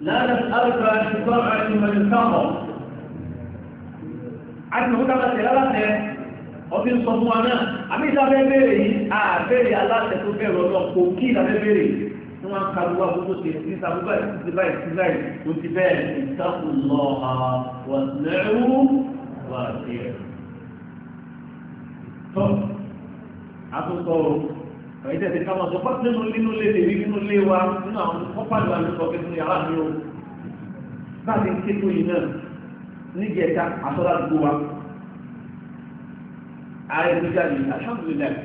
لا نسألك عن طاعة من كفر àti òkúta láti aláṣẹ ọbí ń sọ fún wa náà àmì ìdáfẹ́ bèèrè kò kí ìdáfẹ́ na ní wọ́n gbogbo àkókò tẹ̀ sí sàbúgbà ìsìnkú báyìí sí ẹ̀yìn tẹ̀sí ká máa sọ fún nínú nínú ilé tèmi nínú ilé wa nínú àwọn kọ́pàdé wa ló sọ pé nínú yàrá mi o láti ń kéko yìí náà níbi ẹ̀ka àtọ́lá gbogbo wa ààrẹ tó jáde alhamdulilayi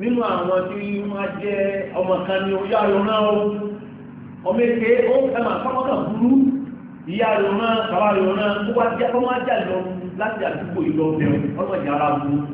nínú àwọn tí wọ́n jẹ́ ọmọ kan ní oyá yọ̀nà o ọmọ èké ó ẹ̀mà fọmọ́kàn burú ìyá yọ̀nà bàbá yọ̀nà ó wá jẹ́ ọmọ ajá lọ láti àdúgbò ìlọ ọmọ ìyá burú.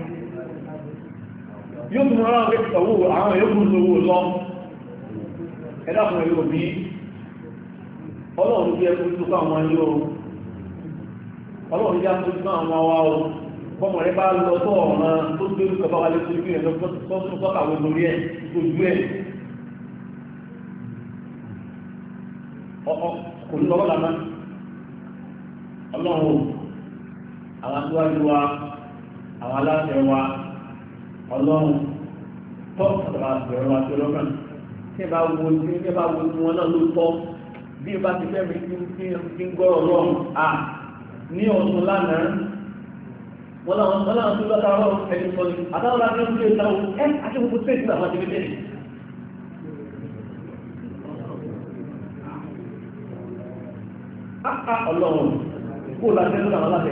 yóò tún rán pé owó àwọn yóò lówó lọ ẹ̀dàkùnrin yóò bí ọlọ́run jẹ́ fún tó káwọn ayé o ọlọ́run jẹ́ fún tó káwọn awa o fọmọ rẹ bá lọ tó ọ̀ràn tó gbé orúkọ bá wálé tó gbé ẹ̀dọ́ tó tó kàwé lórí ẹ̀ tó gbé ẹ̀ kò ní lọ́wọ́ lànà ọlọ́run àwọn aṣíwájú wa àwọn aláṣẹ wa ọlọ́run tọ́ ọ̀tọ̀ra bẹ̀rẹ̀ wa tó lọ́kàn tí ẹ bá wo tí ẹ bá wo tí wọn náà ló tọ́ bí ẹ bá ti fẹ́ mi kí n gbọ́rọ̀ lọ́run à ní ọ̀tún lánàá wọ́n láwọn tó lọ́ta ọ̀rọ̀ ẹni sọ àtàwọn láti ń gbé ìta òun ẹ́ àti tó ìtura àwọn àtìmídé ni. Ọlọ́run kó láti ń lọ àwọn aláṣẹ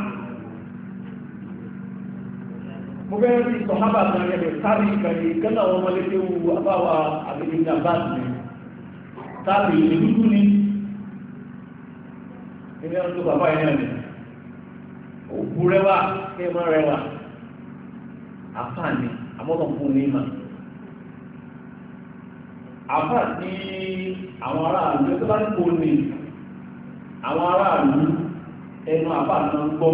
mo fẹ́ rí sọ̀hábà kan yẹn tábì kàrí kẹ́lá wọn wọlé tó wu àbáwá àbẹ̀lẹ́gbà báàsì mi tábì ìlúdú ni ilé ọdún tó bàbá yẹn ni òkú rẹwà kẹ́mọ́ rẹwà àfààní àmọ́tọ̀kùn ní ìmọ̀ àfà tí àwọn aráàlú tó bá ń kó ní àwọn aráàlú ẹnu àfà ń gbọ́.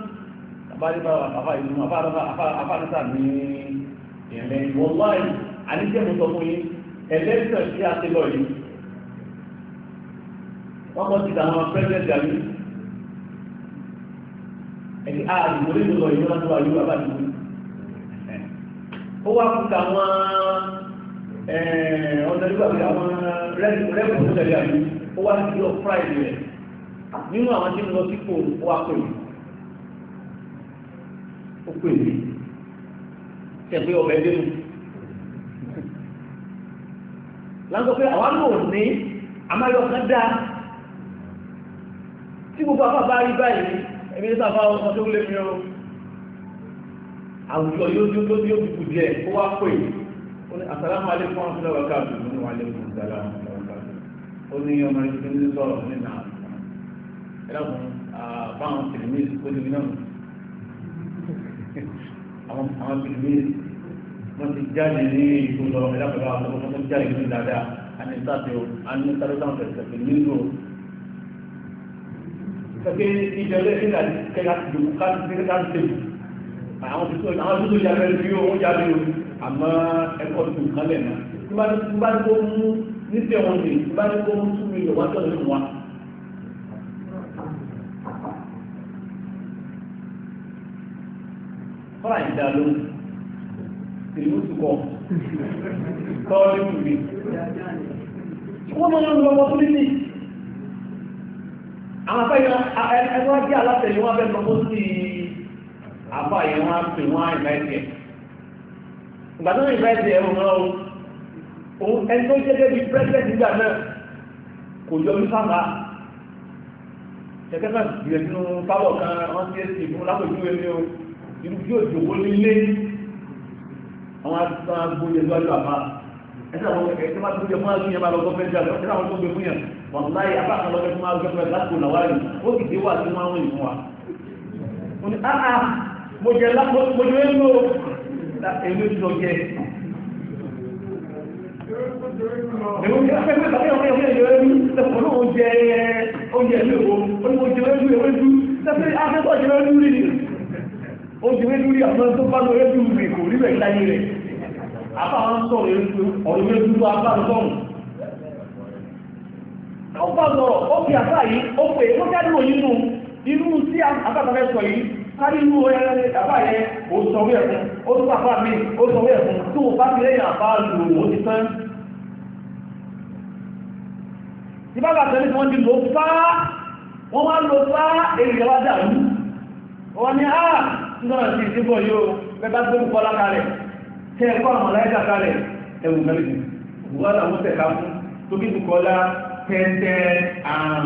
báríbá àfà ìlú àfáàrẹ́sà ní ẹ̀lẹ́ wọ́láì àníjẹ́mú sọ fún yín ẹlẹ́sẹ̀ sí àtẹ́lọ yìí wọ́n kọ́ ti tàwọn pẹ́sẹ̀ntì àmì ẹ̀dí àdìmọ́ nínú lọ ìlú láti wà yóò bàbá mi ó wá kúta àwọn ọ̀dọ́dúgba pé àwọn rẹ́pù tó tẹ̀lé àmì ó wá sí ọ fúráìdì rẹ̀ nínú àwọn tí ń lọ sípò ó wá pè ó pè mí tẹ̀gbé ọbẹ̀ dénú láńsọ pé àwọn náà ní amáyọ̀kan dáa tí gbogbo afá bá rí báyìí ẹ̀mí ní sáfá ọmọ tó lé mi ọ́ àwùjọ yóò tó tó yóò kù díẹ̀ ó wá pè ó ní àsàlámù alékún àwọn fúnlẹ̀ wákà tó ní wàá lékún ìdálá ó ní ọmọ ìdílé sọ̀rọ̀ nínú àwọn ẹ̀rọ báwọn tèmí ó ti ní náà àwọn ìgbé wọ́n ti jáde ní ìlú lọ ẹ̀dàpẹ̀lá àwọn ọmọ tó jáde ní dáadáa àti sáfẹ́ o àti sáré sáwọn fẹ̀sẹ̀fẹ̀ nílò. Kẹ̀kẹ́ ìjọba ìlà kẹ́kẹ́ ti dùn ká ti kẹ́kẹ́ ti tẹ̀lé. Àwọn tó àwọn tó tó jáde ní yóò wọ́n jáde o àmọ́ ẹ̀kọ́ tó kálẹ̀ náà. Tí bá ní kó mú ní tẹ̀wọ̀n ní tí bá ní kó mú túnmí lọ wá tọ̀lé wọn. fà ìdá lóhùn ìlú tukọ̀ tọ́ọ̀lù mi wọ́n máa ń lọ́wọ́ tó nílé àwọn afẹ́yọ ẹgbẹ́ ajé alátẹ̀lẹ́ wọn abẹ́ lọ́wọ́ sí àbá yẹn wọn pè wọn ìbáyìí ìgbà tó ń ìbáyìí ẹ̀rọ náà o ẹni tó jẹ́ débi president nígbà náà kò yọ ní sábà kẹ̀kẹ́ náà gbìyànjú fáwọ̀ kan wọ́n ti ẹ̀ sì fún lápòjú ẹni o ibi tí yóò jòkó nílé àwọn àtúntàn agbóyè lọ́jọ́ àbá ẹ̀sẹ̀ àwọn ẹ̀kẹ́ tí wọ́n gbóyè fún àgbóyè máa lọ gọ́fẹ́ jà lọ ẹ̀sẹ̀ àwọn tó gbé fún yẹn wọ́n láyé abá kan lọ́jọ́ fún àgbóyè fún àgbóyè náà wáyé ó sì dé wà sí wọn àwọn ìfún wa. mo ní áhà mo jẹ mo jẹ ló èmi ti lọ jẹ. èmi ti lọ pẹ́pẹ́ tàbí ọmọ ìwé ìwé ẹ̀rú ẹ̀kọ́ náà ó jẹ oúnjẹ ìlú èwo ó ní ó lórí àwọn tó bá lọ rédíò rẹ̀ kò rí rẹ̀ láyé rẹ̀ àbáwọn sọ̀rọ̀ ọ̀rọ̀ rédíò tó abáwọn sọ̀rọ̀ ó bá àbá yìí ó pè é nínú inú sí sọ yìí kárí inú àbá yẹ ó sọ wí ẹ̀fún ó mi ó sọ wí ẹ̀fún tó bá fi lẹ́yìn àbá ó ti tán tí wọ́n nígbà tí ìdíbọ̀ yóò bẹ́bá tó ń kọ́lá kalẹ̀ tẹ́ ẹ̀kọ́ àwọn aláìsà kalẹ̀ ẹ̀wù mẹ́rin wọ́n àwọn tẹ̀ka fún tó bí kọ́lá tẹ́tẹ́ àrùn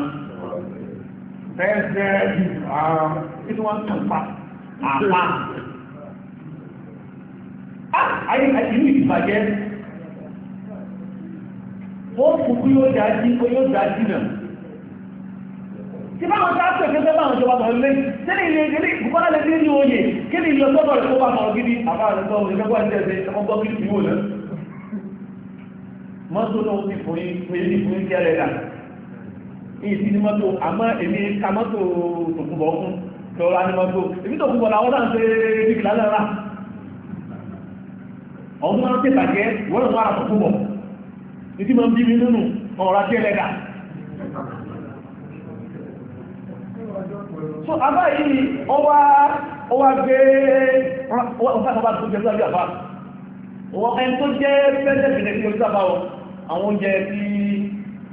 tẹ́tẹ́ àrùn tí wọ́n kàn pa àpá ah, ayé ìlú ìbàjẹ́ wọ́n kúkú yóò dájí náà tí bá wọn sáà tẹ̀kẹ́ tẹ́ bá wọn jọba tọ̀lé tẹ́lẹ̀ ilé ilé ìgbọ́nà lè ní oyè kí ni ìlọ tọ́bọ̀ rẹ̀ kó bá wọn gidi àbáàrẹ̀kọ́ ìrẹ́gbọ́ ìjẹ́sẹ̀ ọgbọ́ gidi ìwò lẹ́ mọ́tò náà ti fún yí fún yí kẹ́rẹ̀ rà èyí sí ni mọ́tò àmọ́ èmi ka mọ́tò tòkùnbọ̀ fún tọ́ra ni mọ́tò èmi tòkùnbọ̀ làwọn náà ṣe ní kìlá lára ọdún máa ń tẹ̀ bàjẹ́ wọ́n lọ́ so àbá yìí ọwá ọwá gbé ọba tó jẹ́ lórí àbá ọwọ́ ẹni tó jẹ́ pẹ́lẹ́bìnrin ní ojú àbá àwọn oúnjẹ tí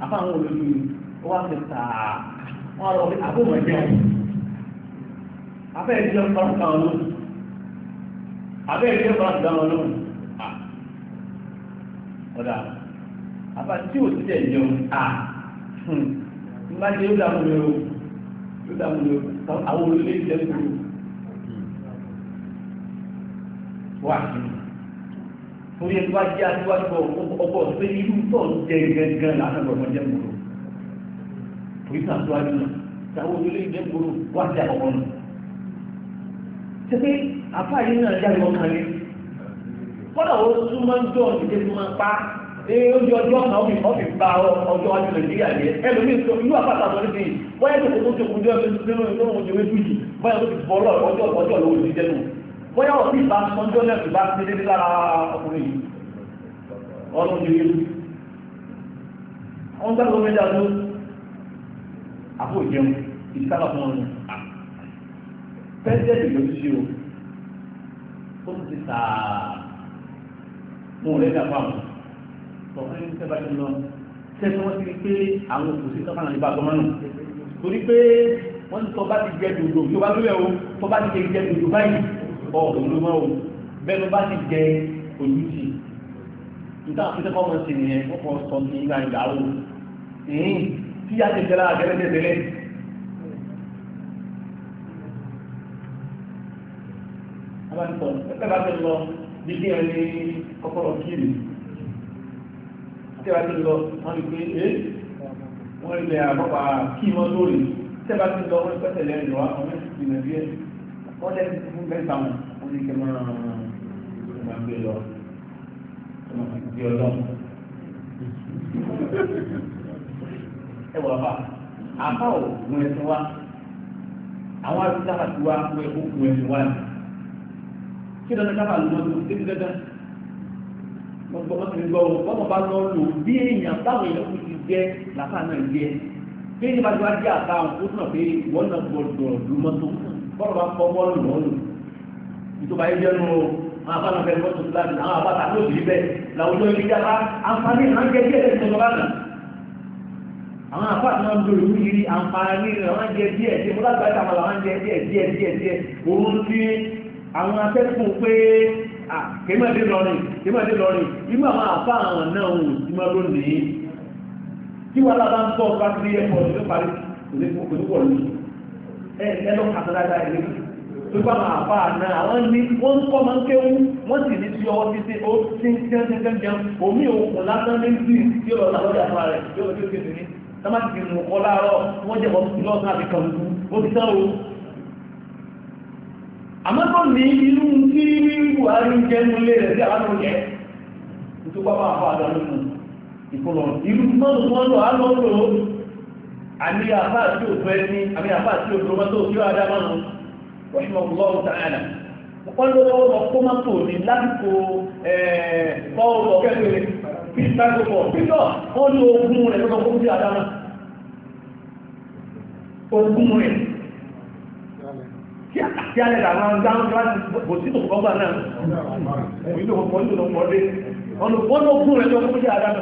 àbá àwọn olóòlù ọwá ti tà wọ́n rọ àbúrò jẹun abẹ́ ìjọ faransé àwọn olóòlù abẹ́ ìjọ faransé àwọn olóòlù ọ̀dà àbá tí ò ti tẹ̀ jẹun à nígbà tí yóò dàmú mi o yóò dàmú mi o àwọn olóyè jẹ́ kúrò wà sí torí ẹni wá jẹ́ aṣíwájú ọkọ̀ pé irú tọ̀ jẹ́ gẹ́gẹ́ lásán ọmọ jẹ́ kúrò torí sàtúwájú náà táwọn olóyè jẹ́ kúrò wà sí àkọ́kọ́ náà ṣe pé àfáàyè náà jáde ọkàn rẹ̀ kọ́dà ó tún máa ń jọ ìdíje tó máa pa ee oúnjẹ ọjọ́ kan ọ̀fìn ọ̀fìn ba ọjọ́ wájú nàìjíríà yẹ ẹlòmíín tó ìlú àpáta sọ níbi yìí bóyá tó tó tó kúndé ọdún nínú ìlú òun jòwé fújì bóyá tó ti bọ́ lọ ọjọ́ ọjọ́ lówó ti jẹ́ nù bóyá ọ̀sìn ìbá sọ́jọ́ náà ti bá ti dé lára ọkùnrin yìí ọdún jòwé fújì. wọ́n gbàgbọ́ méjì àdó àpò ìjẹun ìsára fún ọ̀run pẹ́ẹ́sẹ̀ ìlú ti ṣe o ó ti sàá mú rẹ̀ dàpọ̀ àwọn ọ̀hún ṣẹ́fà ti lọ sẹ́fà wọ́n ti rí pé àwọn òkùnrin sọ́kànlá ìbá gbọ́mọ́nù torí pé wọ́n ní tọ́ bá ti jẹ dòdò yóò bá lóyè o tọ́ bá ti jẹ dòdò báyìí ọ̀rọ̀ ló mọ́ o bẹ́ẹ̀ ló bá ti jẹ olùsí nígbà tó tẹ́kọ̀ ọmọ sí nìyẹn wọ́n kọ́ sọ ní ìgbà ìgbà o ẹ̀yìn tí a ti jẹ́ra àgẹ́rẹ́dẹ́gbẹ́lẹ́ abáńtọ̀ ẹgbẹ́ bá ti lọ bí kí ẹni kọ́kọ́rọ́ kiri tí wọ́n ti pé wọ́n ilẹ̀ àbọ̀bà kí wọ́n lórí tẹ́bà ti lọ wọ́n pẹ́tẹ̀ lẹ́yìn lọ́wọ́ àwọn mẹ́sì ti nà bíẹ́ wọ́n lẹ́yìn ti fún mẹ́ta wọn ó ní kẹ́ máa máa gbé lọ bí ọlọ́run. ẹ wà bá àbá ò gun ẹsẹ̀ wa àwọn arúgbó ti wá pé ó gun ẹsẹ̀ wa ni kí dandan káfà ló máa tó débi dandan gbọ́dọ̀ ti gbọ́ ọ bọ́mọ bá lọ lò bí jẹ́ làfà náà jẹ́ bí ní bàtí wá jẹ́ àbá àwọn tó tún pé wọ́n náà gbọ́dọ̀ lu mọ́tò bọ́ọ̀lù bá kọ́ bọ́ọ̀lù lọ́ọ̀lù ìtòba yìí jẹ́nu máa bá lọ́fẹ́ mọ́tò láti àwọn àbáta tó sì bẹ́ẹ̀ làwùjọ ibi jábá àǹfààní ìrànjẹ́ díẹ̀ lẹ́sìn tó bá nà àwọn àfáà náà ń lo ìlú yìí àǹfààní ìrànjẹ́ díẹ̀ díẹ̀ bọ́lá gbàgbà àwọn àǹjẹ́ díẹ̀ díẹ̀ díẹ̀ díẹ̀ òun àwọn akẹ́kọ̀ọ́ pé kèémọ̀dé lọ́rin kèémọ̀dé lọ́rin ìmọ̀ àwọn àfáà náà ò sí mọ́ lónìí tí wàá lábá ń bọ̀ bá ti ẹ̀pọ̀ ló parí kò ní wọ̀lú ẹ ẹ lọ kàtà dáadáa tó bá máa bá a náà àwọn ní wọ́n kọ́ máa ń kéwú wọ́n sì ní sí ọwọ́ títí ó ti ń tẹ́ tẹ́ tẹ́ omi òkun lásán ní sí lọ rẹ̀ ìfọlọ ìlú mọ́nù mọ́nù alọ́lọ́ àmì àfá àti òfò ẹni àmì àfá àti òfò mọ́tò tí ó adá mọ́nù wọ́ṣọ́mọ́gbọ́n tààlà wọ́n ló lọ́wọ́ kó mọ́tò ní lásìkò ẹ̀ẹ́kọ́ọ̀lọ́ kẹ́kẹ́rẹ́ pítàkùpọ̀ pítọ̀ wọ́n lo ogun rẹ̀ lọ́kọ́ fún sí adámà ogun rẹ̀ kí á lẹ́dà máa ń dáhùn láti bò sí òkú ọgbà náà òyìnbó kọ̀ọ̀lù lọ́pọ̀ ọdẹ wọ́n lo ogun rẹ̀ lọ́kọ́ fún sí adámà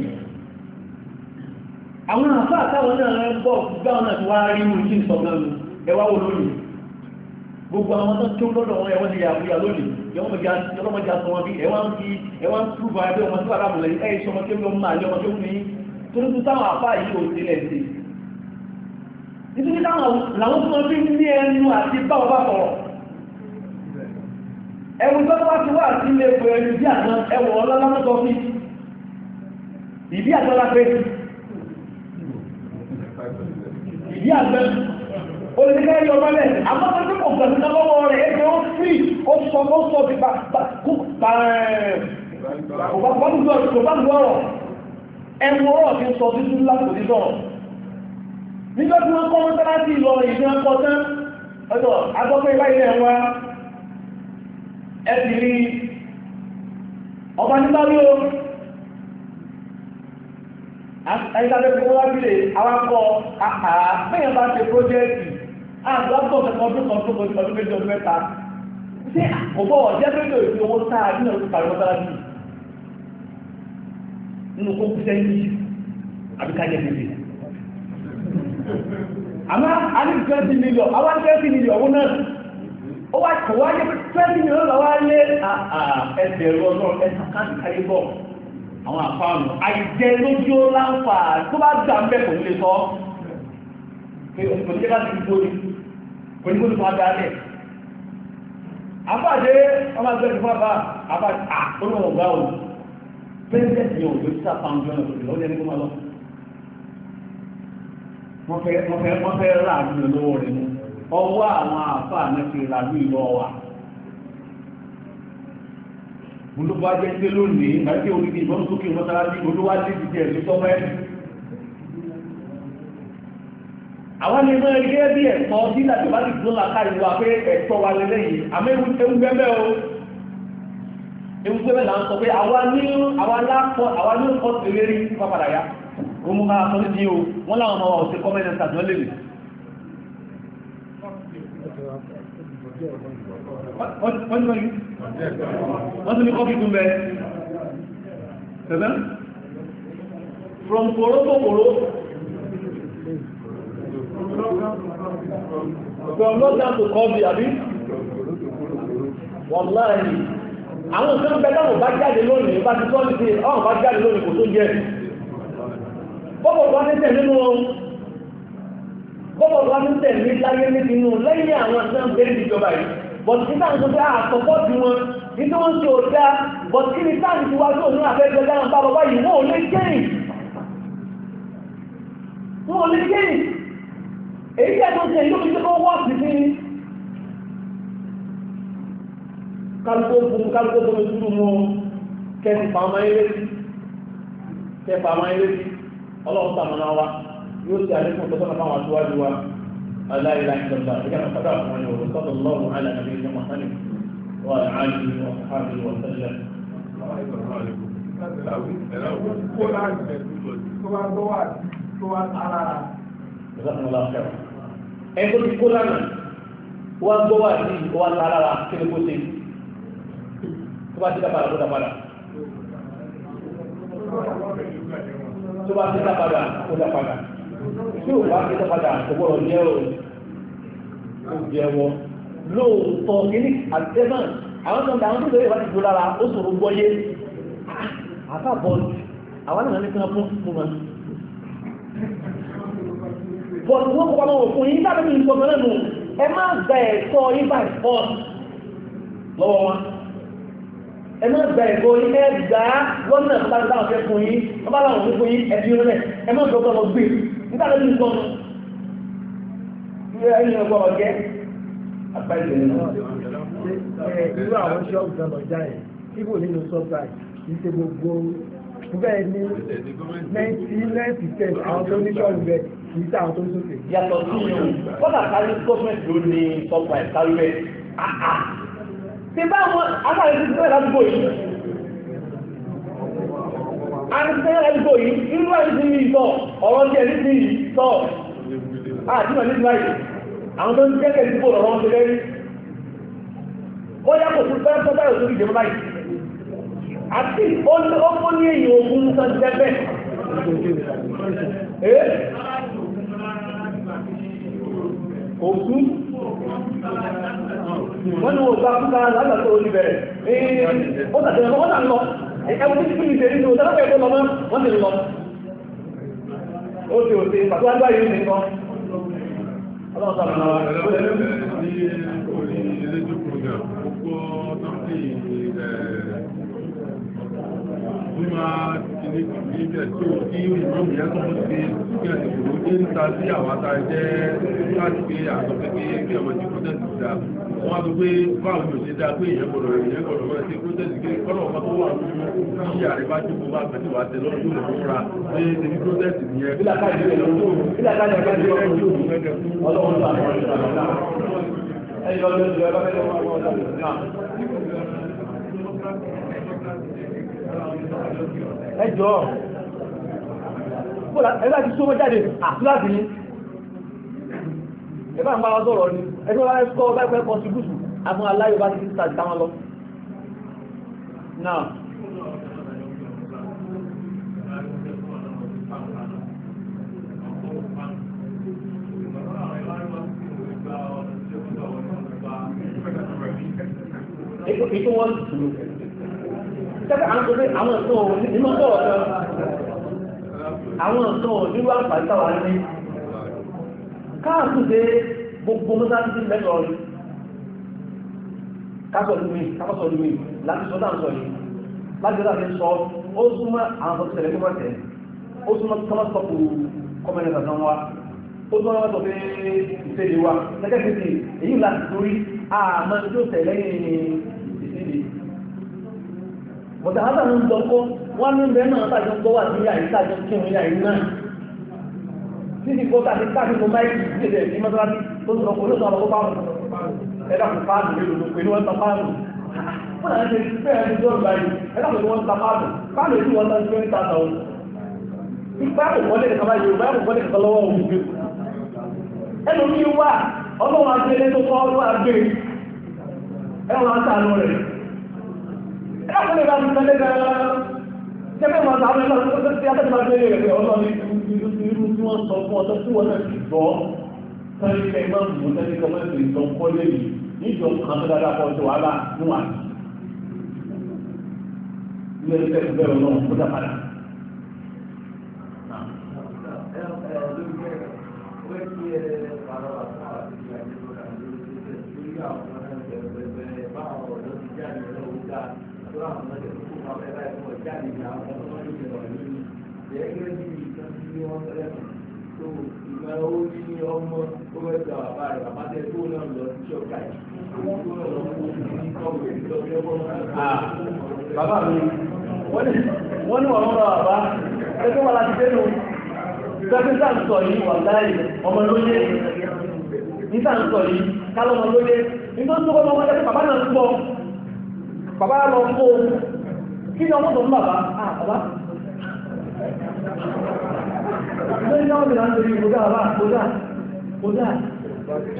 àwọn àfá àtàwọn náà rẹ̀ bọ̀ gbá ọ̀nà tí wá rí mú sí ìsọ̀gbọ̀n mi ẹwà wo lónìí gbogbo àwọn tó tó lọ́dọ̀ wọn ẹwọ́n ti yà àbúyà lónìí yọlọ́mọdé aṣọ wọn bí ẹwà ń fi ẹwà ń túbà ẹgbẹ́ ọmọ tó wà láàmù lẹ́yìn ẹ̀yìn sọmọ tó ń máa lé ọmọ tó ń ní torí tó táwọn àfá yìí ò sílẹ̀ sí nítorí táwọn làwọn tó fi ní ẹnu àti báwọn bá sọ̀rọ̀ ẹwù tó wá ti wá sí ilé ẹ̀kọ́ ẹni bí àgbọn ẹwọ̀ ọlọ́lá ìbí àtọ́lá pé bí àgbẹ̀ olùdíkẹ́ yọ mọ́lẹ̀ àmọ́sọ́jú kò gbẹ̀mí náà lọ́wọ́ rẹ̀ ẹgbẹ́ ó fi ó sọ ó sọ ti bá kú bàrẹ̀ kò bá gbọ́ ọ̀rọ̀ ẹnu ọ̀rọ̀ ti sọ títí láti òdí sọ̀rọ̀ nígbà tí wọ́n kọ́ wọn tẹ́lá sí ìlọ ìdí wọn kọ́ tán ọjọ́ agbọ́pẹ́ báyìí náà wá ẹ sì rí ọba nígbà rí o àìsàlẹ̀ fún wọ́n bílẹ̀ awakọ̀ àhà mẹ́yàn bá ṣe pọ́jẹ́ẹ̀tì àgbàgbọ̀ ọdún kan tó kọjú ọdún méjì ọdún mẹ́ta ṣé àkọ́bọ̀ ọ̀jẹ́ méjì òsì owó táà nínú ọdún pàrọ̀ mọ́sálásì nínú kó kú sẹ́yìn àbí kájẹ́ bèbè àmọ́ alẹ́ twenty million àwọn twenty million owó náà ó wá kọ̀ wáyé twenty million lọ́wọ́ á lé ẹgbẹ̀rún ọdún ẹ̀ka káàkiri bọ́ọ̀ àwọn àfáànù àìjẹ lójú láǹfà tó bá gbà ń bẹ̀ kò ní lè sọ kò ní jẹ́ láti gbó ni kò ní gbóni fún adá lẹ̀ àfáàdé ọmọ ẹgbẹ́ ìfún àbá àbá àkóhùn ọ̀gá o pẹ́ńtẹ́ẹ̀tì yẹn ò ló sá pàǹjọ́ náà lòdì lọ́dẹ ní kó máa lọ wọ́n fẹ́ ra àdúgbò lọ́wọ́ rẹ̀ mú ọwọ́ àwọn olówó ajẹ́ ilé lónìí àti orílẹ̀ ìbọn sókè mọ́sálásí olówó ajé ti jẹ́ ẹ̀sìn tọ́pẹ́. àwọn ni máa rí ẹbí ẹ̀tọ́ bí láti bá ti dúró làkà ìwà pé ẹ̀tọ́ wa lé lẹ́yìn àmọ́ ewu ewu gbẹ́mẹ́ o ewu gbẹ́mẹ́ là ń sọ pé àwa ní àwa lápọ̀ àwa ní ọ̀sẹ̀ wọ́n tún ní kọ́fí tún bẹ tẹ́lẹ̀ from kòró tó kòró from lockdown to kọ́fí àbí wọ́n láàrin àwọn ìṣẹ́ bẹ́ẹ̀ táwọn bá jáde lónìí bá ti tọ́lù sí ọ̀n bá jáde lónìí kò tó jẹ́ bọ́bọ̀ bá tẹ́tẹ̀ nínú ohun bọ́lọ̀ bá ń tẹ̀lé láyé níbi inú lẹ́yìn àwọn àṣán bẹ́ẹ̀ níjọba yìí bọ̀tí kí táwọn sọ́jà àkọ́kọ́ ti wọn ní tí wọ́n ti ò dá bọ̀tí kí ni táwọn ti wá sí òun àfẹ́jọ dára bá bàbá yìí wọ́n ò lè jẹ́yìn wọ́n ò lè jẹ́yìn èyí tí ẹ̀tọ́ jẹ́ yóò fi tó wọ́ sí ní kálukó fún kálukó tó fi túrú mọ́ kẹ́sì pàmò ayé lé sí ọlọ́run tàmánà wa yóò ṣe àlékún tó sọ́nà fáwọn aṣíwájú wa aláìlá ìjọba ìjà àpapọ̀ àwọn ẹni òwò sọ́dọ̀ lọ́wọ́ alàmì ìjọ mọ̀sánì wà láàájú wọn káàbí wọn sẹ́lẹ̀. ẹgbẹ́ tí kó lánà wá gbọ́ wà sí wà lára wa kí ni kó ṣe tó bá ti dábàá ló dábàá tó bá ti dábàá kó dábàá tí ò bá fi tọ́padà àtọ̀gbọ́rọ̀ jẹ́ o ó jẹ́ wọ lóòótọ́ kíní àtẹ́fàn àwọn tó ń bẹ àwọn tó ń bẹ ìwádìí tó lára ó sọ̀rọ̀ gbọ́yé àfàbọ̀ àwọn náà ní kí wọ́n fún fún wọn. bọ̀dù wọn kọ́ pamọ́ òfin yìí lábẹ́ mi sọ fẹ́rẹ́ nù ẹ má gba ẹ̀kọ́ yín bá ẹ̀kọ́ lọ́wọ́ wọn ẹ má gba ẹ̀kọ́ yín ẹ gbà á lọ́nà tó bá ń dáhùn fẹ́ fún yín wọ́n bá láwọn fún yín ẹ̀ fi rẹ̀ ẹ má nígbà tó ní sọ́nù ìwé ẹ̀yìn ọgbọ́n ọ̀jẹ́ apá ìbẹ̀rẹ̀ náà. irú àwọn ṣọ́ọ̀bù tó lọ já yẹn kíkò nínú sọ́ọ̀bù àyè kì í ṣe gbogbo bẹ́ẹ̀ ni ninety nine percent àwọn tó ní sọ́ọ̀bù bẹ́ẹ̀ kì í ṣe àwọn tó ń sókè. yàtọ̀ sí ìlú kọ́nà kárí gọ́ọ̀mẹ̀ntì ló ní sọ́ọ̀bù àyè kárí bẹ́ẹ̀. Ah, ah. ṣé báwọn akáyọ̀ àrísẹ́yà ẹ̀dùkò yìí inú àrísẹ́ yìí sọ ọ̀rọ̀ tí ẹ̀rí sí yìí sọ àdínà ní ìgbà yìí àwọn tó ń jẹ́kẹ̀ ìdìbò ọ̀rọ̀ wọn tẹ́lẹ̀ rí ó yá kò tún fẹ́ sọ́dá òtún ìjẹ́ báyìí àti ó ní èyí ogun sọ jẹ́ bẹ́ẹ̀ ẹ́ òkú wọ́n ni wọ́n gba fúnka lágbàtọ̀ olùbẹ̀rẹ̀ ó tàbí ọmọ wọn náà lọ ẹ̀kọ́ tí kí ní ṣe nínú ọ̀tọ́lọ́pẹ̀ tó lọ́mọ́ wọ́n ti lọ ó ti òsè pàtó àgbà yìí ní kan ọlọ́run sọ̀rọ̀ náà Ìgbìmọ̀ ilé-ìjọ́ wọ́n tó pé báwọn tó ṣe dáa pé èèyàn gbọ́dọ̀ èèyàn gbọ́dọ̀ máa ṣe protest kiri kọ́nà ọmọ tó wà nínú kí ààrẹ bá jókòó bá gbẹ̀tì wá tẹ lọ́dún yóò lọ́wọ́ ra pé ebi protest nìyẹn. bí làkàlẹ̀ yóò lọ́wọ́ bí làkàlẹ̀ yóò lọ́wọ́ ọlọ́wọ́ tó àwọn ọ̀rẹ́ ìgbàlódà ẹ̀yọ́ lọ́dún ẹ̀ bá fẹ́ lọ́wọ́ ọlọ́wọ́ tó àwọn ọ̀rẹ́ ìgbàlódà ẹ̀jọ̀ ẹ̀rọ àti sọ́mọ́ jáde àtúrà ẹgbẹ́ àwọn àwọn sọ̀rọ̀ ni ẹgbẹ́ wa kọ́ bá pẹ́ kọ́ntribútù àwọn aláyọ̀ bá ti ta ìta wọn lọ. náà èyí tó wọ́n tù ú sẹ́kẹ̀ àwọn tó fẹ́ àwọn ẹ̀sọ́ nínú sọ̀rọ̀ kan àwọn ẹ̀sọ́ nílùú àǹfààní ní káàkiri gbogbo mọ́sáàtì mẹ́lọ rí kásọ̀lú mi kásọ̀lú mi láti sọ náà sọ yìí láti sọ sọ ó súnmọ́ àwọn tó tẹ̀lé kọ́mọ́ tẹ̀ ó súnmọ́ kọ́mọ́ sọ́kù kọ́mọ́lẹ̀ kankan wa ó súnmọ́ lọ́wọ́ sọ pé ìṣèlè wa lẹ́gẹ́ kejì èyí láti torí àmọ́ tí ó tẹ̀lé ìṣèlè bọ̀dà hátà ń sọ pé wọ́n ní bẹ́ẹ̀ náà tàjọ́ gbọ́ wà sí àyíká àjọ kí títí kó tàbí tàbí mo máa ń gbé ẹ̀ ní mọ́sálásí tó sọ kò ló sọ àwọn báwọn ẹ̀dá kò fáàmù lè lòlò pé ní wọ́n ta fáàmù wọ́n náà ṣe bẹ́ẹ̀ ní ọjọ́ ìgbà yìí ẹ̀dá kò ní wọ́n ta fáàmù fáàmù èyí wọ́n ta ń gbé ta tà ó ipa kò wọlé nìkan bá yóò bá kò wọlé nìkan lọ́wọ́ òun gbé ẹnu mi wà ọlọ́wọ́ agbélé tó kọ́ ọlọ́wọ́ agbé ẹ̀rọ àtàlù rẹ̀ ẹ̀dá kò lè bá mi tẹ́lẹ̀ gan-an tẹ́lẹ̀ mọ̀ 你不要说我的，我的是说，他是什么目的？他是什么目的？他不乐意，你就看到大家说这话了，不管，你别别别乱胡谈。啊，哎呀，对对对，我也是发了发了，今天说的，就是需要，反正就是就是把我的意见能够传达，希望就是双方在外部建立良好的沟通意识。gẹ́gẹ́ bí ìkan tí wọ́n tẹ́lẹ̀ tó ìgbà ó ní ọmọ tó fẹ́ gba bàbá rẹ̀ bàbá tẹ tó náà lọ sí ṣọ́ọ̀kà yìí tó lọ kó ní kọ́wé lọ́jọ́ bọ́ọ̀lù. bàbá mi wọ́n ní wọ́n lọ bàbá ẹgbẹ́ wọn láti dénú gbẹ́gbẹ́ sáà ń sọ yìí wà láì ọmọ lóye ní sáà yìí kálọ́ ọmọ lóye nítorí tó kọ́ ọmọ wọlé bàbá bàbá náà ah bàbá lórí náà mi láti rí kódà wà kódà kódà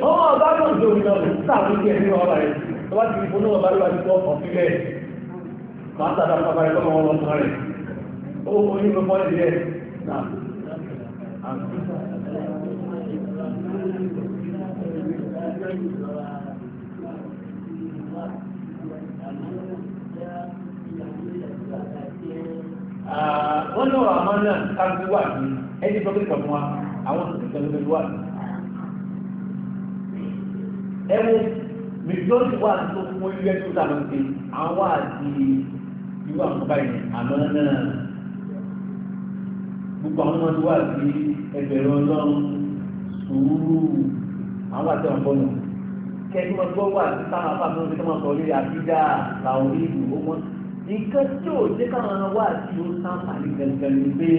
ọmọ ọba náà jẹ́ omi náà sáàbí ọba rẹ̀ tó ti fún ọba rẹ̀ wájú tó ọkàn Ah, wọ́n ní ọ̀rọ̀ àwọn náà káàkiri wà ní ẹni pọ́kìtì kan fún wa àwọn tó ti tẹ̀lé pẹ̀lú wà ní. ẹ wo mìtíọ́sì wà tó fún orí ẹni tó sàmì sí àwọn àti irú àwọn báyìí àmọ́ náà gbogbo àwọn ọmọdé wà sí ẹgbẹ̀rún ọlọ́run sùúrù àwọn àti ọ̀pọ̀ nù kẹ́kẹ́ wà sí sáwọn afáàmì tó máa sọ orí àbídà làwọn ìlú ó nǹkan tí ò jẹ́ káwọn wá àti ó sáǹfààní gangan ni pé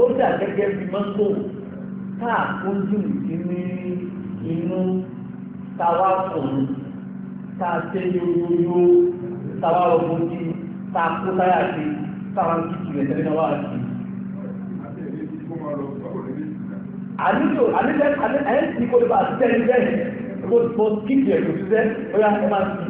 ó dà gẹ́gẹ́ bí mọ́tò táà kún jù sí ní inú táwa fòun táà ṣe yóyóyó táwa ọgbọ́n sí táà kó táyà sí táwa ń kíkì rẹ̀ tẹ́lẹ̀ náà wá sí. àlejò àlejò àyẹ̀sí kò lè bá tẹ́lẹ̀ bẹ́ẹ̀ kó kíkì rẹ̀ kò ó yà kó máa sí.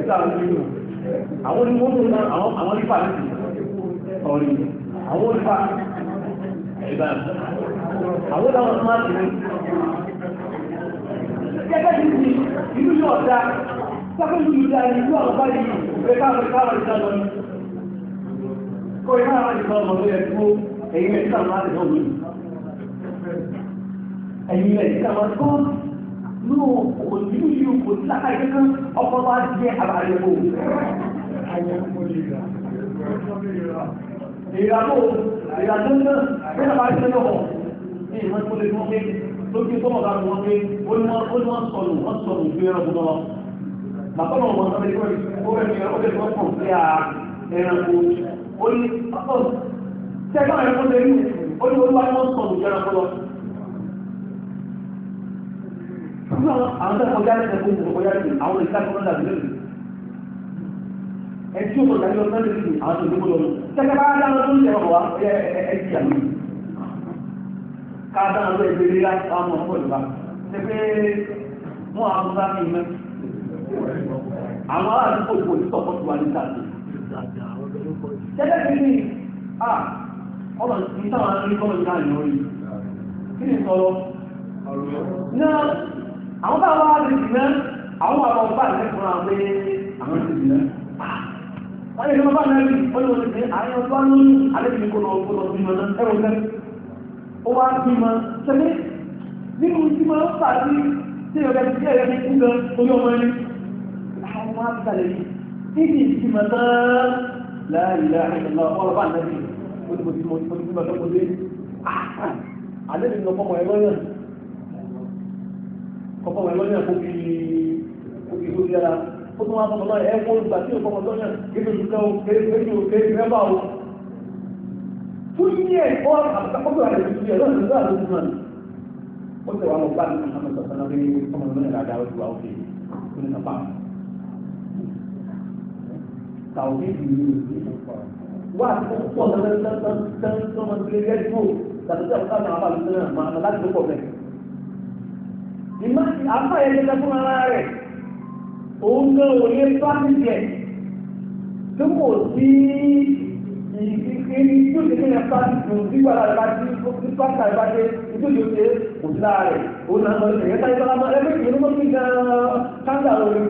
títà nínú àwọn onímọ́tò náà àwọn nípa nìyí ọ̀rí àwọn nípa ẹ̀dá àwọn láwọn tó máa ń tẹ̀lé gẹ́gẹ́ bí ti ìlú yóò dá sákòlù ìlú dá ìlú àwọn báyìí rẹ̀ káwọn káwọn ìdá lọ ní kó iná àwọn ìgbà ọmọ ló yẹ kó ẹ̀yìn ẹ̀ yóò kò ní yóò kò sí láta ìkẹ́kẹ́ ọkọ̀ bá jẹ́ àbáyẹ̀wò. ìyàwó ìyàwó náà bí wọ́n bá ṣe lọ́wọ́ ní ìwọ́n tó lè mọ́ pé lókè tó wọ́n bá wọ́n pé ó ní wọ́n sọnù wọ́n sọnù ìgbé ẹranko lọ́wọ́. bàbá wọn wọn sọ̀rọ̀ ìgbé ó rẹ̀ ní ẹranko lè fọ́ pọ̀ sí ẹranko ó ní ọ̀pọ̀ tẹ́gbọ́n ẹranko lè rí ó ní olúwa ni wọ́n sọnù ìgbé ẹranko lọ́wọ́. ojú ìtàwọn akẹ́kọ̀ọ́ ìdáyọ̀ rí kí ni sọ̀rọ̀ náà àwọn bá wá lè jìnà àwọn àwọn ọba ìlú fún wa pé àwọn ti wọ́n yẹ kí bá náà rí ọjọ́ òní pé àárín ọjọ́ ní àlejò kò lọ kó lọ ẹwọ sẹ́ni ó wá bí mọ sẹ́ni nínú tí mo ń fà sí tí ọ̀gá ti díẹ̀ ní kú orí ọmọ ẹni àwọn ọmọ á yìí níbi ìtìmọ̀ náà tí mo ti mọ̀ kọ́kọ́ wọn lọ́yàn kó fi òkè tó yára ó tún wá fọ́n lọ́yà ẹ kó gbà tí òkọ́ lọ́yàn kébé tó kọ́ kéjì òkè rẹ́bà o tó yí ẹ̀ kọ́ àkọ́kọ́ rẹ̀ tó yẹ lọ́sẹ̀ tó àlọ́ tó náà ó tẹ̀ wá lọ bá nìkan náà sọ̀tàn náà lórí ọmọ lọ́yà dáadáa ó ti wá òkè tó ní kápá tàwọn ìlú ìlú wá àti pọ̀ lọ́sẹ̀ tó ń tọ́ ìmọ̀ àpá ẹ̀jẹ̀ fún ara rẹ̀ òun náà ò lè bá mi jẹ tó kò sí ìdíkiri tó ti kéèyàn bá ti kò sí wàhálà rẹ̀ bá ti kò sí pátá rẹ̀ bá ti tó ti ṣe kò sí lára rẹ̀ òun náà lọ sí ẹ̀yẹ́ta ìbára máa ẹgbẹ́ ìgbẹ́ nígbà tí gan-an káńdà lórí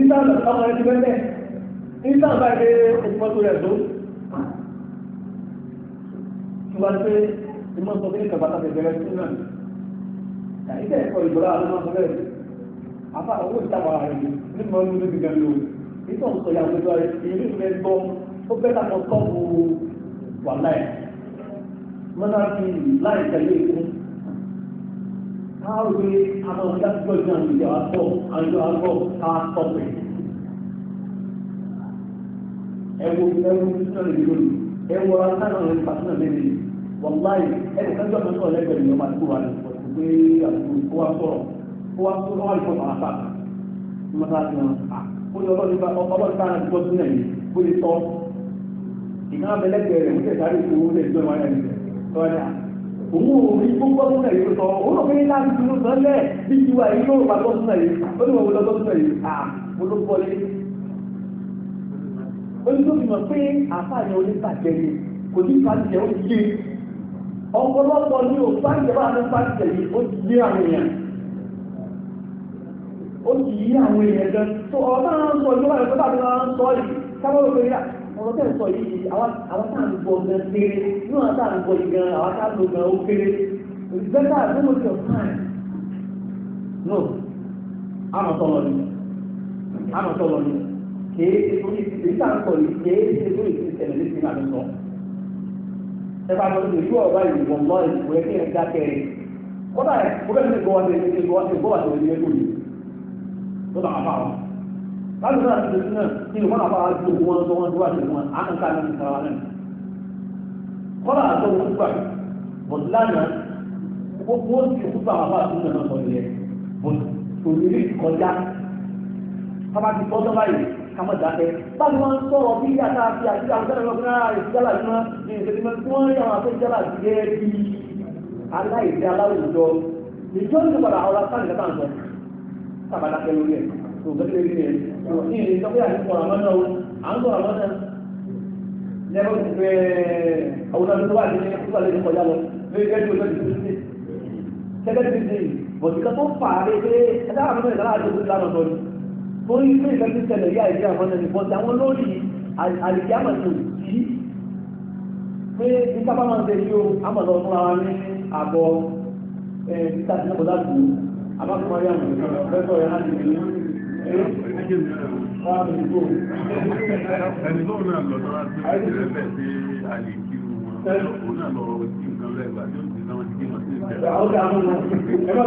ìsáàlù ọmọ rẹ̀ ilé ẹ̀kọ́ ìgbọ́lá àwọn ọmọ ọ̀rẹ́ rẹ̀ afá owó ìtàbára rẹ̀ ní mọ́ ní olóbi gan ló nítorí sọ ìyàwó ìjọ rẹ̀ ìlú rẹ̀ gbọ́ ó bẹ́ ká kọ́ tọ́pù wà láì mọ́nà fi láì tẹ̀lé ìkún káwé àwọn ọ̀gá tó jẹ́ àwọn ìjọ àgbọ̀ àjọ àgbọ̀ ká tọ́pù ẹwọ ẹwọ sísọ lè lórí ẹwọ asánà rẹ̀ pàṣẹ náà lè lè wọ́n láì ẹnì kan jọ́ pé àdúgbò kó wá sọ̀rọ̀ kó wá sọ̀rọ̀ wá ìfọ̀tà àṣà ní mọ́tà ti wọn à ó ní ọlọ́ọ̀dún bá ọlọ́ọ̀dún bá náà ti bọ́ sílẹ̀ yìí ó lè tọ́ ìkan abẹ́lẹ́gbẹ̀ẹ́ rẹ̀ mútẹ̀ sáré fún owó lẹ́gbẹ̀ẹ́ wọn yẹn lọ́dà òun ò rí gbogbo sílẹ̀ yìí sọ òun ò fi láti dúró sọ́lẹ̀ bí ti wà yìí yóò bá tọ́ sílẹ̀ yìí ó ní wọn lọ́tọ́ sílẹ̀ yìí à mo ló bọ́lé ó ní tó fi mọ̀ pé àfáàní oníbàjẹ́ ni kò ní ìfàjẹ́ ó ti yé ọ̀pọ̀lọpọ̀ ní o ní sáyẹ̀ yìí ó ti yé àwọn èèyàn ó ti yé àwọn èèyàn gan tó ọ̀rọ̀ ń sọ ìjọba ìjọba àti náà ń sọ yìí sábà wọ́n sọ yìí àwọn táà ń bọ̀ gan kéré níwọ̀n táà àwọn táà ń no àmọ̀ sọ̀rọ̀ ni àmọ̀ sọ̀rọ̀ ni kéé ètò ìsìn ẹ̀ka lọ ìlú ọ̀rọ̀ báyìí wọ̀n lọ ìwé kí ẹ̀ dákẹ́ ẹ̀ kódà ẹ̀ kódà ẹ̀ gbọ́ wáṣẹ ẹ̀ gbọ́ wáṣẹ gbọ́ wáṣẹ ẹ̀ lórí tó dà àfà wọn. láti náà ti sùn náà kí ìwọ́n àfà wọn tó wọn tó wọn tó wáṣẹ wọn á ń ká ní ìfara wọn náà. kódà àtọ wọn gbà bọ̀t lánàá gbogbo ó ti kú bá àfà sùn náà sọ ilẹ̀ bọ̀t òní kọjá kàmọ́ dákẹ́ báwo máa ń sọ̀rọ̀ bí yàtá àti àti àwùjọ lọ fún ara rẹ̀ jálà yìí máa ní ìṣẹ̀lẹ̀ mọ́ tí wọ́n rí àwọn afẹ́ jálà sí gẹ́gẹ́ bí aláìsí aláwùjọ ìjọ ní padà ọ̀la sáà nígbà tán sọ sábà dákẹ́ lórí ẹ̀ tó gẹ́gẹ́ bí ẹ̀ tó ní ilé sọ pé àti sọ̀rọ̀ àmọ́nà o à ń sọ̀rọ̀ àmọ́nà lẹ́rọ ti fẹ́ àwùjọ tó wà ní ìpàdé ní kọjá lọ lórí gẹ́gẹ́ bí o lọ́ọ́ ti tó torí pé ìfẹ́sí tẹ̀lẹ̀ yá ìdí àwọn ẹni bọ́ta wọn lórí àlìjáàmà tó yí pé nípa bá máa ń tẹ̀lé o àmọ̀lọ́ fún ara ní àbọ̀ títà sí ọ̀dà tó abákùnmọ́ yá mọ̀ fẹ́tọ̀ yá láti rí ẹni tó náà lọ lọ́wọ́ sí ìrẹ́lẹ̀ sí àlè kírun wọn ó náà lọ sí nǹkan lẹ́gbàá tó ti náà ti kí wọn sí ìrẹ́lẹ̀.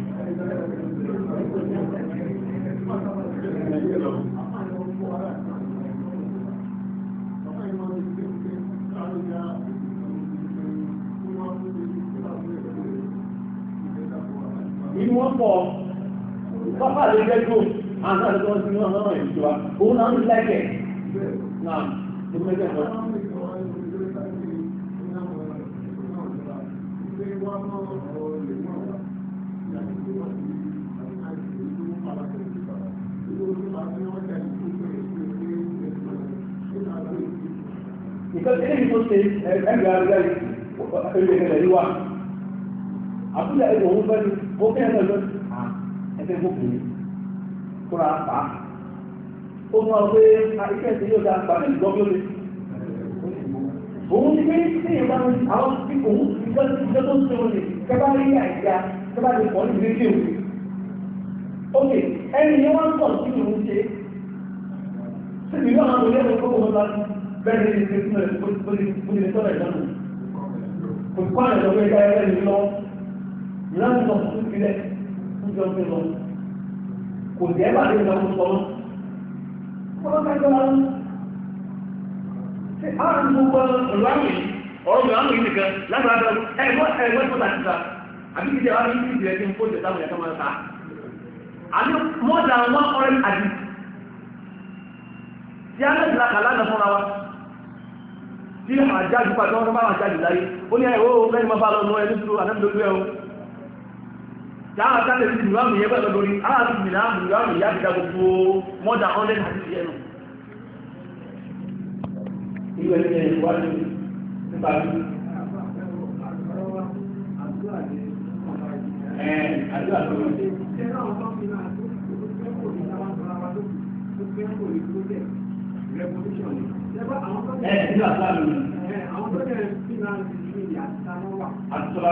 àti bedroom àti àti tó ń sinmi ọ̀nà ọ̀nà ìjọba òun náà ń lẹ́kẹ̀ náà ló mẹ́kẹ̀ lọ. Because any people say, ẹgbẹ́ àgbẹ̀ ẹgbẹ́ ẹgbẹ́ ìwà, àbúlé ẹgbẹ́ òun fẹ́ ni, ó kúra pa ó mọ̀ pé iṣẹ́ yóò dá pàdé ìgbọ́ bí ó lè. òun ti gbé ní ìgbà àwọn tí kò ń ìjọ tó ń ṣe olè kẹ́bá rí àìjá kẹ́bá lè pọ̀ ní rédíò. ok ẹni yẹn wá ń pọ̀ sí ìlú ṣe síbi náà àwọn olóyè tó kọ́ wọn bá bẹ́ẹ̀ ni ìgbésí náà bóyá sọ́dọ̀ ìdánù kò kọ́ àyẹ̀dọ̀ pé ẹgbẹ́ mi lọ láti lọ ìpínlẹ̀ ń jọ pé lọ kò jẹ́ bá ní ìlànà sọ mọ́. Wọ́n ká jọ wọn. Ṣé àwọn gbogbo ọ̀rọ̀ àwọn yìí, ọ̀rọ̀ mi àwọn yìí nìkan látara bẹ̀rẹ̀ mú ẹ̀gbọ́n ẹ̀gbọ́n tó láti ta. Àbí ti jẹ́ àwọn yìí ìdílé tí ń fóṣe táwọn máa ta. Àbí more than one hundred àdì. Tí a lè gbà kà lánàá fúnra wa. Tí àjájú pàtó wọn bá wà jáde láyé. Ó ní ẹ̀rọ ó fẹ́ni máa bá lọ dáhà sáfẹ́ sí ìlúwàmù yẹ́ pẹ̀lú lórí aláàbí ìlàmù ìlúwàmù ìyá ìdá gbogbo more than hundred and fifty ẹnu. ìwé ní ẹni wájú nípa bí. àdúrà tó ń ṣe. Ẹ ní àtúrà mi. Àwọn tó jẹ́ fílànsì ní ìyá àtúrà